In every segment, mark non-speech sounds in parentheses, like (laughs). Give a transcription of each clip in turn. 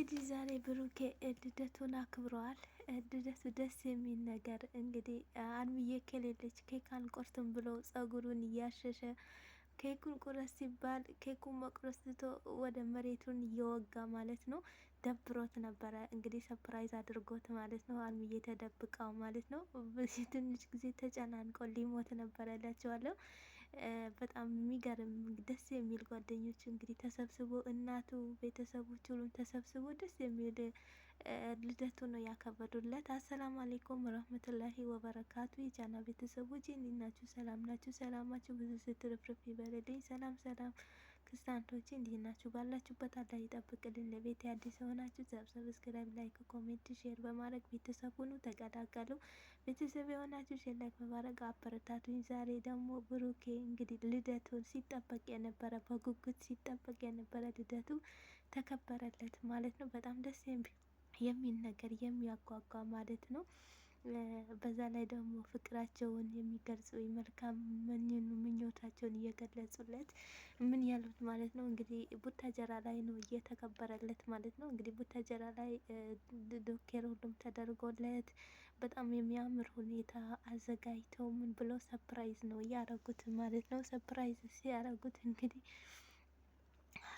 እንግዲህ ዛሬ ብሩኬ ልደቱን አክብረዋል። ልደቱ ደስ የሚል ነገር እንግዲህ አንብዬ ከሌለች ኬክ አንቆርትም ብሎ ጸጉሩን እያሸሸ ኬኩን ቁረስ ሲባል ኬኩን መቁረስ ትቶ ወደ መሬቱን እየወጋ ማለት ነው። ደብሮት ነበረ እንግዲህ ሰፕራይዝ አድርጎት ማለት ነው። አንብዬ ተደብቃው ማለት ነው። ትንሽ ጊዜ ተጨናንቆ ሊሞት ነበረ እላቸዋለሁ። በጣም የሚገርም ደስ የሚል ጓደኞቹ እንግዲህ ተሰብስቦ እናቱ ቤተሰቦች ሁሉም ተሰብስቦ ደስ የሚል ልደቱ ነው ያከበሩለት። አሰላሙ አሌይኩም ወረህመቱላሂ ወበረካቱ። የቻና ቤተሰቦች እንዲናችሁ ሰላም ናችሁ? ሰላማችሁ ብዙ ስትርፍርፍ ይበልልኝ። ሰላም ሰላም ክርስቲያኖች እንዴት ናችሁ? ባላችሁበት አላህ ይጠብቅልን። ለቤት አዲስ የሆናችሁ ሰብስክራይብ፣ ላይክ፣ ኮሜንት፣ ሼር በማድረግ ቤተሰብ ሁኑ ተቀላቀሉ። ቤተሰብ የሆናችሁ ሼር፣ ላይክ በማድረግ አበረታቱኝ። ዛሬ ደግሞ ብሩኬ እንግዲህ ልደቱ ሲጠበቅ የነበረ በጉጉት ሲጠበቅ የነበረ ልደቱ ተከበረለት ማለት ነው። በጣም ደስ የሚል ነገር የሚያጓጓ ማለት ነው። በዛ ላይ ደግሞ ፍቅራቸውን የሚገልጹ መልካም ምኞታቸውን እየገለጹለት ምን ያሉት ማለት ነው እንግዲህ ቡታጀራ ላይ ነው እየተከበረለት ማለት ነው። እንግዲህ ቡታጀራ ላይ ዶኬር ሁሉም ተደርጎለት በጣም የሚያምር ሁኔታ አዘጋጅተው ምን ብለው ሰፕራይዝ ነው እያረጉት ማለት ነው። ሰፕራይዝ ሲያረጉት እንግዲህ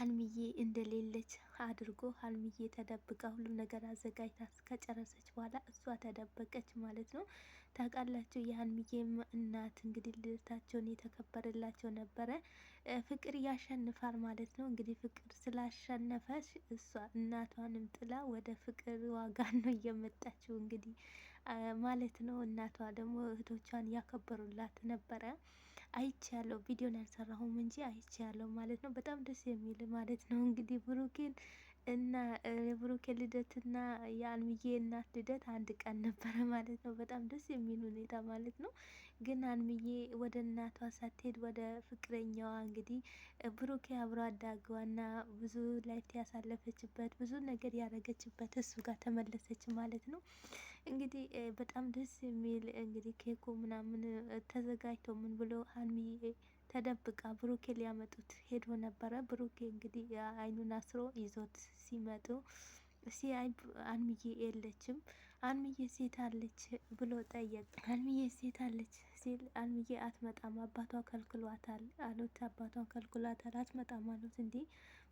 ሀልሚዬ እንደሌለች አድርጎ ሀልሚዬ ተደብቃ ሁሉም ነገር አዘጋጅታ ከጨረሰች በኋላ እሷ ተደበቀች ማለት ነው። ታውቃላችሁ የሀልሚዬም እናት እንግዲህ ልደታቸውን የተከበረላቸው ነበረ። ፍቅር ያሸንፋል ማለት ነው። እንግዲህ ፍቅር ስላሸነፈች እሷ እናቷንም ጥላ ወደ ፍቅር ዋጋ ነው እየመጣችው እንግዲህ ማለት ነው። እናቷ ደግሞ እህቶቿን ያከበሩላት ነበረ። አይቼ ያለው ቪዲዮን ያልሰራሁም እንጂ አይቼ ያለው ማለት ነው። በጣም ደስ የሚል ማለት ነው። እንግዲህ ብሩኬን እና የብሩኬ ልደት እና የአልምዬ እናት ልደት አንድ ቀን ነበረ ማለት ነው። በጣም ደስ የሚል ሁኔታ ማለት ነው። ግን ሀይሚዬ ወደ እናቷ ሳትሄድ ወደ ፍቅረኛዋ እንግዲህ ብሩኬ አብሮ አዳጓና ብዙ ላይፍ ያሳለፈችበት ብዙ ነገር ያደረገችበት እሱ ጋር ተመለሰች ማለት ነው። እንግዲህ በጣም ደስ የሚል እንግዲህ ኬኩ ምናምን ተዘጋጅቶ ምን ብሎ ሀይሚ ተደብቃ ብሩኬ ሊያመጡት ሄዶ ነበረ። ብሩኬ እንግዲህ አይኑን አስሮ ይዞት ሲመጡ ሲያይ ሀይሚዬ የለችም። ሀይሚዬ ሴት አለች ብሎ ጠየቅ። ሀይሚዬ ሴት አለች ሲል አልምዬ አትመጣም አባቷ ከልክሏታል አሉት። አባቷን ከልክሏታል አትመጣም አሉት። እንዴ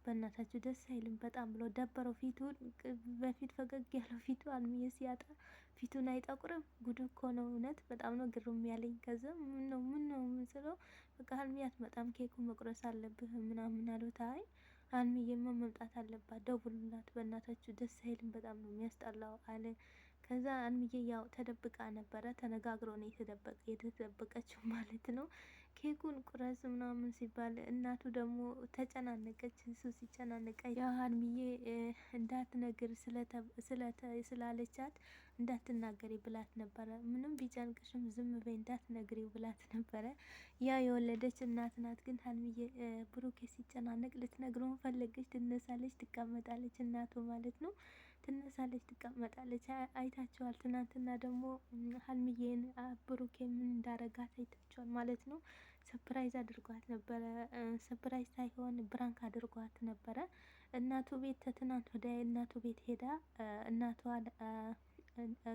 በእናታችሁ ደስ አይልም በጣም ብሎ ደበረው። ፊቱን በፊት ፈገግ ያለው ፊቱ አልምዬ ሲያጣ ፊቱን አይጠቁርም? ጉድ እኮ ነው እውነት። በጣም ነው ግሩም ያለኝ። ከዛ ምን ነው ምን ነው ስለው በቃ አልምዬ አትመጣም ኬኩ መቁረስ አለብህ ምናምን አሉት። አይ አልምዬማ መምጣት አለባት ደውሉላት፣ በእናታችሁ ደስ አይልም በጣም ነው የሚያስጠላው አለ። ከዛ አንምዬ ያው ተደብቃ ነበረ። ተነጋግሮ ነው የተደበቀችው ማለት ነው። ኬኩን ቁረስ ምናምን ሲባል እናቱ ደግሞ ተጨናነቀች። እሱ ሲጨናነቀ ያው አንምዬ እንዳትነግር ስላለቻት እንዳትናገሪ ብላት ነበረ። ምንም ቢጨንቅሽም ዝም በይ እንዳትነግሪ ብላት ነበረ። ያ የወለደች እናት ናት። ግን አልምዬ ብሩኬ ሲጨናነቅ ልትነግረው ፈለገች። ትነሳለች፣ ትቀመጣለች እናቱ ማለት ነው። ትነሳለች፣ ትቀመጣለች። አይታችኋል። ትናንትና ደግሞ ሀልሚዬን ብሩኬ ምን እንዳረጋት አይታችኋል ማለት ነው። ሰፕራይዝ አድርጓት ነበረ። ሰፕራይዝ ሳይሆን ብራንክ አድርጓት ነበረ። እናቱ ቤት ከትናንት ወዲያ እናቱ ቤት ሄዳ እናቷ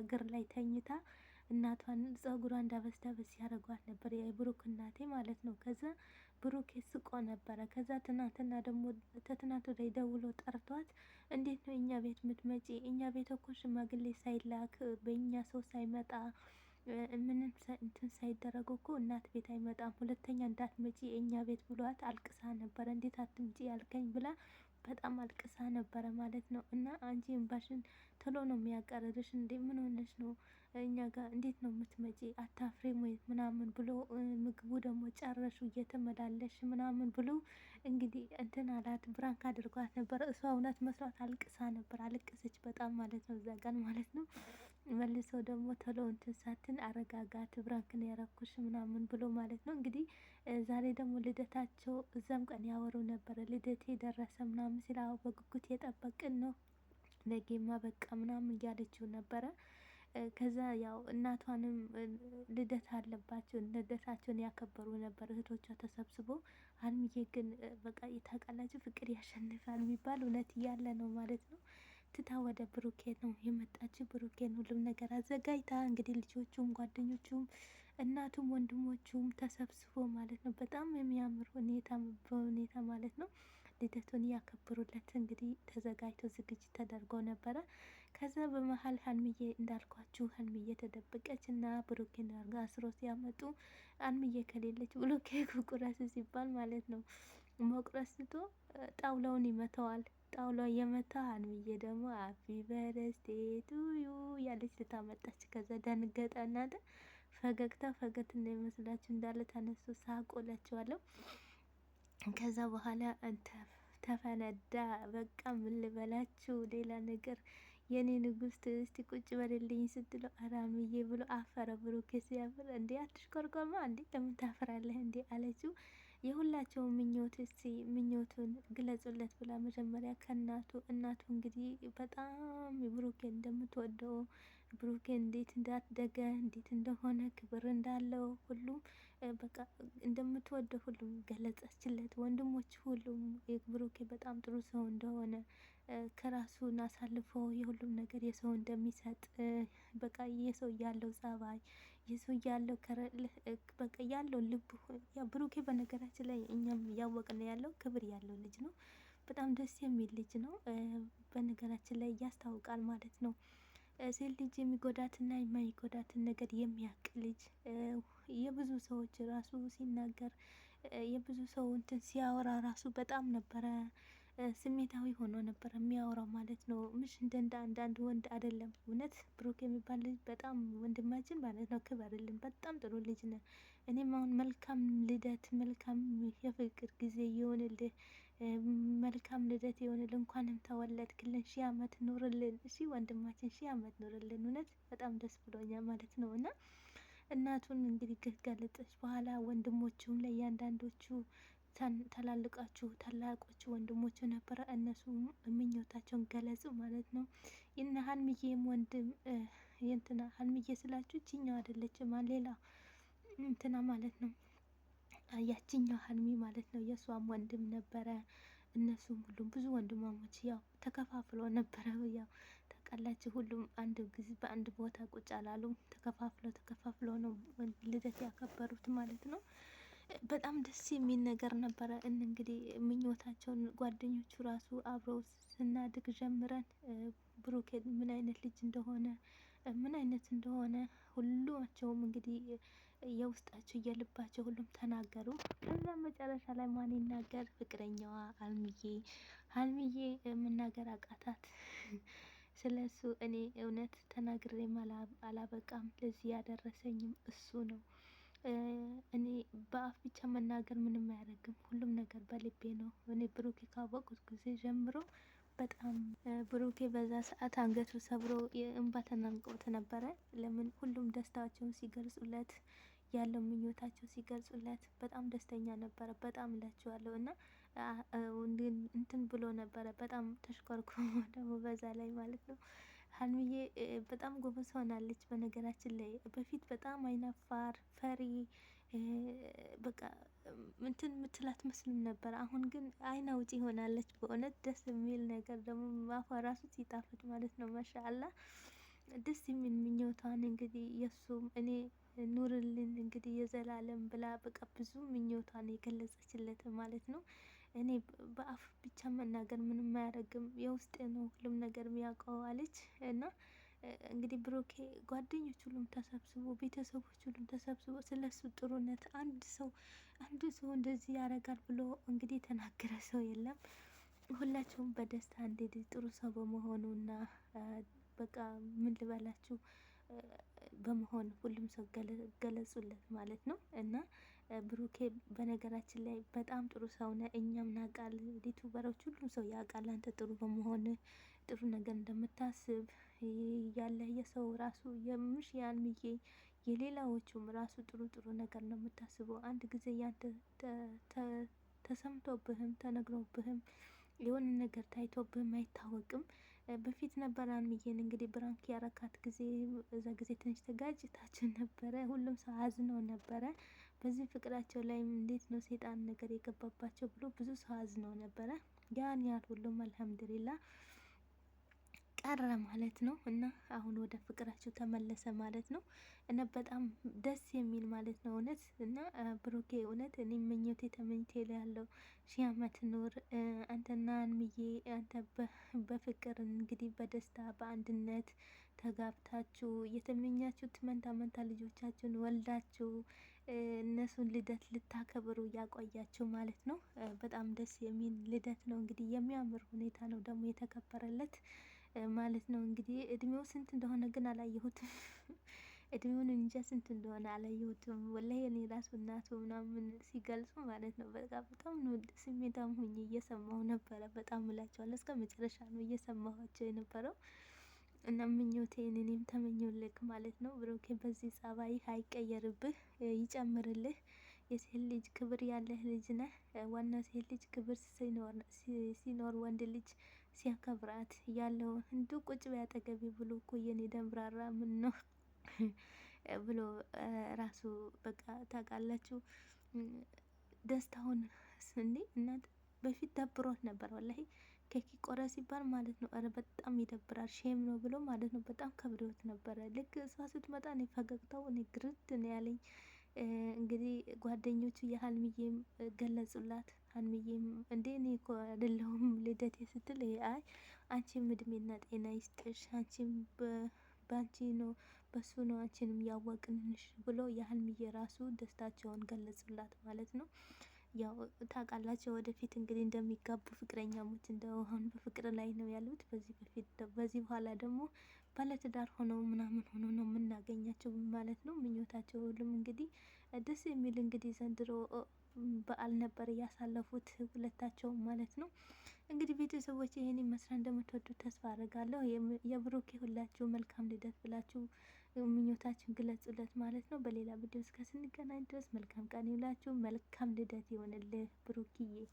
እግር ላይ ተኝታ እናቷን ጸጉሯ እንዳበስ ያደርጓት ነበር፣ የብሩክ እናቴ ማለት ነው። ከዛ ብሩክ ስቆ ነበረ። ከዛ ትናንትና ደግሞ ተትናንት ደውሎ ጠርቷት፣ እንዴት ነው እኛ ቤት ምትመጪ? እኛ ቤት እኮ ሽማግሌ ሳይላክ በእኛ ሰው ሳይመጣ ምንም እንትን ሳይደረጉ እኮ እናት ቤት አይመጣም። ሁለተኛ እንዳትመጪ የእኛ ቤት ብሏት አልቅሳ ነበረ። እንዴት አትምጪ ያልከኝ ብላ በጣም አልቅሳ ነበረ ማለት ነው። እና አንቺ እምባሽን ቶሎ ነው የሚያቀርብሽ። እንዴ ምን ሆነሽ ነው? እኛ ጋር እንዴት ነው የምትመጪ? አታፍሬም ወይ ምናምን ብሎ ምግቡ ደግሞ ጨረሹ እየተመላለሽ ምናምን ብሎ እንግዲህ እንትን አላት። ብራንክ አድርጓት ነበረ። እሷ እውነት መስሏት አልቅሳ ነበር። አለቀሰች በጣም ማለት ነው። እዛ ቀን ማለት ነው። መልሰው ደግሞ ቶሎ እንትን ሳትን አረጋጋት ብራንክን ያረኩሽ ምናምን ብሎ ማለት ነው። እንግዲህ ዛሬ ደግሞ ልደታቸው እዛም ቀን ያወሩ ነበረ። ልደቴ ደረሰ ምናምን ሲል አዎ በጉጉት የጠበቅን ነው ነገማ በቃ ምናምን እያለችው ነበረ። ከዛ ያው እናቷንም ልደት አለባቸው ልደታቸውን ያከበሩ ነበር እህቶቿ ተሰብስቦ። አልሚዬ ግን በቃ የታውቃላችሁ ፍቅር ያሸንፋል የሚባል እውነት እያለ ነው ማለት ነው። ቀጥታ ወደ ብሩኬ ነው የመጣችው። ብሩኬን ሁሉም ነገር አዘጋጅታ እንግዲህ ልጆቹም ጓደኞቹም እናቱም ወንድሞቹም ተሰብስቦ ማለት ነው በጣም የሚያምር ሁኔታ በሁኔታ ማለት ነው ልደቱን እያከበሩለት እንግዲህ ተዘጋጅቶ ዝግጅት ተደርጎ ነበረ። ከዛ በመሀል ሀንምዬ እንዳልኳችሁ ሀንምዬ ተደብቀች እና ብሩኬን አርጋ አስሮ ሲያመጡ ሀንምዬ ከሌለች ብሩኬ ቁረስ (laughs) ሲባል ማለት ነው መቁረስ ስቶ ጣውላውን ይመተዋል። ጣውላ እየመታ ሀይሚዬ ደግሞ አፊ በረስቴ ቱዩ ያለች ልታመጣች። ከዛ ደንገጠ። እናንተ ፈገግታ ፈገት እንዳይመስላችሁ እንዳለ ተነሱ ሳቆላችኋለሁ። ከዛ በኋላ ተፈነዳ። በቃ ምን ልበላችሁ ሌላ ነገር የኔ ንጉስ እስቲ ቁጭ በልልኝ ስትለው አራምዬ ብሎ አፈረ። ብሩኬ ሲያፍር እንዴ አትሽኮርኮማ እንዴ ለምን ታፍራለህ እንዴ አለችው። የሁላቸው ምኞት እስቲ ምኞቱን ግለጹለት ብላ መጀመሪያ ከእናቱ እናቱ እንግዲህ በጣም ብሩኬን እንደምትወደው ብሩኬ እንዴት እንዳደገ እንዴት እንደሆነ ክብር እንዳለው ሁሉም በቃ እንደምትወደው ሁሉም ገለጸችለት። ወንድሞች ሁሉም ብሩኬ በጣም ጥሩ ሰው እንደሆነ ከራሱን አሳልፎ የሁሉም ነገር የሰው እንደሚሰጥ በቃ የሰው ያለው ጸባይ የሰው ያለው በቃ ያለው ልቡ ብሩኬ፣ በነገራችን ላይ እኛም እያወቅን ያለው ክብር ያለው ልጅ ነው። በጣም ደስ የሚል ልጅ ነው። በነገራችን ላይ ያስታውቃል ማለት ነው። ሴት ልጅ የሚጎዳትና የማይጎዳትን ነገር የሚያውቅ ልጅ የብዙ ሰዎች ራሱ ሲናገር የብዙ ሰው እንትን ሲያወራ ራሱ በጣም ነበረ ስሜታዊ ሆኖ ነበር የሚያወራው ማለት ነው። ምሽ እንደ አንዳንድ ወንድ አይደለም። እውነት ብሩክ የሚባል ልጅ በጣም ወንድማችን ማለት ነው። ክብ ክበርልን። በጣም ጥሩ ልጅ ነው። እኔም አሁን መልካም ልደት፣ መልካም የፍቅር ጊዜ ይሆንልህ፣ መልካም ልደት ይሆንልህ፣ እንኳንም ተወለድክልን፣ ሺህ ዓመት ኑርልን። እሺ ወንድማችን ሺህ ዓመት ኑርልን። እውነት በጣም ደስ ብሎኛል ማለት ነው እና እናቱን እንግዲህ ገለጠች በኋላ ወንድሞቹም ለእያንዳንዶቹ ተላልቃችሁ ታላቆች ወንድሞች ነበረ። እነሱ ምኞታቸውን ገለጹ ማለት ነው። እና ሀልምዬም ወንድም እንትና ሀልምዬ ስላችሁ ይችኛው አይደለችም ሌላ እንትና ማለት ነው። ያችኛው ሀልሚ ማለት ነው። የእሷም ወንድም ነበረ። እነሱም ሁሉም ብዙ ወንድማሞች ያው ተከፋፍሎ ነበረ። ያው ታውቃላችሁ፣ ሁሉም አንድ ጊዜ በአንድ ቦታ ቁጭ አላሉም። ተከፋፍሎ ተከፋፍሎ ነው ልደት ያከበሩት ማለት ነው። በጣም ደስ የሚል ነገር ነበረ። እንግዲህ ምኞታቸውን ጓደኞቹ ራሱ አብረው ስናድግ ጀምረን ብሩኬ ምን አይነት ልጅ እንደሆነ ምን አይነት እንደሆነ ሁሉቸውም እንግዲህ የውስጣቸው የልባቸው ሁሉም ተናገሩ። ከዛ መጨረሻ ላይ ማን ይናገር? ፍቅረኛዋ አልሚዬ አልሚዬ መናገር አቃታት። ስለ እሱ እኔ እውነት ተናግሬም አላበቃም። ለዚህ ያደረሰኝም እሱ ነው። እኔ በአፍ ብቻ መናገር ምንም አያደርግም። ሁሉም ነገር በልቤ ነው። እኔ ብሩኬ ካወቁት ጊዜ ጀምሮ በጣም ብሩኬ በዛ ሰዓት አንገቱ ሰብሮ እንባ ተናንቆት ነበረ። ለምን ሁሉም ደስታቸውን ሲገልጹለት ያለው ምኞታቸው ሲገልጹለት በጣም ደስተኛ ነበረ። በጣም እላችኋለሁ እና እንትን ብሎ ነበረ። በጣም ተሽከርክሮ (laughs) ደግሞ በዛ ላይ ማለት ነው ሀይሚዬ በጣም ጎበዝ ሆናለች። በነገራችን ላይ በፊት በጣም አይናፋር ፈሪ፣ በቃ እንትን ምትላት መስልም ነበር። አሁን ግን አይን አውጪ ሆናለች። በእውነት ደስ የሚል ነገር ደግሞ ማፏ ራሱ ሲጣፍጥ ማለት ነው። ማሻአላ ደስ የሚል ምኞቷን እንግዲህ የእሱም እኔ ኑርልን እንግዲህ የዘላለም ብላ በቃ ብዙ ምኞቷን የገለጸችለት ማለት ነው። እኔ በአፍ ብቻ መናገር ምንም አያደርግም፣ የውስጥ ነው ሁሉም ነገር የሚያውቀው አለች እና እንግዲህ ብሩኬ ጓደኞች ሁሉም ተሰብስቦ ቤተሰቦች ሁሉም ተሰብስቦ ስለ እሱ ጥሩነት አንድ ሰው አንድ ሰው እንደዚህ ያደርጋል ብሎ እንግዲህ የተናገረ ሰው የለም። ሁላቸውም በደስታ እንግዲህ ጥሩ ሰው በመሆኑ እና በቃ ምን ልበላችሁ በመሆን ሁሉም ሰው ገለጹለት ማለት ነው እና ብሩኬ በነገራችን ላይ በጣም ጥሩ ሰው ነህ፣ እኛም እናውቃለን። ዩቱበሮች ሁሉም ሰው ያውቃል። አንተ ጥሩ በመሆን ጥሩ ነገር እንደምታስብ ያለ የሰው ራሱ የምሽ ያንዬ የሌላዎቹም ራሱ ጥሩ ጥሩ ነገር ነው የምታስበው። አንድ ጊዜ ያንተ ተሰምቶብህም ተነግሮብህም የሆነ ነገር ታይቶብህም አይታወቅም። በፊት ነበር አንዬን እንግዲህ ብራንክ ያረካት ጊዜ፣ እዛ ጊዜ ትንሽ ተጋጭታችን ነበረ። ሁሉም ሰው አዝኖ ነበረ። በዚህ ፍቅራቸው ላይ እንዴት ነው ሴጣን ነገር የገባባቸው ብሎ ብዙ ሰው አዝኖ ነበረ። ያን ያህል ሁሉም አልሐምዱሊላ ቀረ ማለት ነው እና አሁን ወደ ፍቅራቸው ተመለሰ ማለት ነው እና በጣም ደስ የሚል ማለት ነው እውነት እና ብሩኬ እውነት እኔ ምኞቴ ተመኝቴ ያለው ሺህ አመት ኑር አንተና አንምዬ አንተ በፍቅር እንግዲህ በደስታ በአንድነት ተጋብታችሁ የተመኛችሁት መንታ መንታ ልጆቻችሁን ወልዳችሁ እነሱን ልደት ልታከብሩ እያቆያችሁ ማለት ነው። በጣም ደስ የሚል ልደት ነው እንግዲህ የሚያምር ሁኔታ ነው ደግሞ የተከበረለት ማለት ነው። እንግዲህ እድሜው ስንት እንደሆነ ግን አላየሁትም። (laughs) እድሜውን እንጃ ስንት እንደሆነ አላየሁትም። ወላሂ እኔ ራሱ እናቱ ምናምን ሲገልጹ ማለት ነው በቃ በጣም ነው ስሜታም ሆኜ እየሰማሁ ነበረ። በጣም እላቸዋለሁ እስከ መጨረሻ ነው እየሰማኋቸው የነበረው። እና ምኞቴን እኔም ተመኘውልክ ማለት ነው። ብሩኬ በዚህ ጸባይ አይቀየርብህ፣ ይጨምርልህ። የሴት ልጅ ክብር ያለህ ልጅ ነህ። ዋና ሴት ልጅ ክብር ሲኖር ወንድ ልጅ ሲያከብራት ያለው እንዱ ቁጭ ቢያጠገቢ ብሎ እኮ የኔ ደምራራ ምን ነው (laughs) ብሎ ራሱ በቃ ታውቃላችሁ፣ ደስታውን ስኒ እናት በፊት ደብሮት ነበር ወላሂ ኬክ ይቆረጥ ሲባል ማለት ነው። ኧረ በጣም ይደብራል። ሼም ነው ብሎ ማለት ነው። በጣም ከብዶት ነበረ። ልክ እሷ ስትመጣ እኔ ፈገግታው እኔ ግርድ ነው ያለኝ። እንግዲህ ጓደኞቹ የሀልሚዬም ገለጹላት። ሀልሚዬም እንዴ እኔ እኮ አይደለሁም ልደቴ ስትል አይ አንቺም እድሜና ጤና ይስጥሽ፣ አንቺም በአንቺ ነው በሱ ነው አንቺንም ያወቅንሽ ብሎ የሀልሚዬ ራሱ ደስታቸውን ገለጹላት ማለት ነው። ያው ታውቃላቸው ወደፊት እንግዲህ እንደሚጋቡ ፍቅረኛሞች እንደሆኑ በፍቅር ላይ ነው ያሉት። በዚህ በፊት በዚህ በኋላ ደግሞ ባለትዳር ሆነው ምናምን ሆኖ ነው የምናገኛቸው ማለት ነው። ምኞታቸው ሁሉም እንግዲህ ደስ የሚል እንግዲህ ዘንድሮ በዓል ነበር እያሳለፉት ሁለታቸው ማለት ነው። እንግዲህ ቤተሰቦች ይህን መስራት እንደምትወዱት ተስፋ አድርጋለሁ። የብሩኬ ሁላችሁ መልካም ልደት ብላችሁ ምኞታችን ግለጹለት ማለት ነው። በሌላ ቪዲዮ እስከ ስንገናኝ ድረስ መልካም ቀን ይውላችሁ። መልካም ልደት ይሆንልህ ብሩክዬ።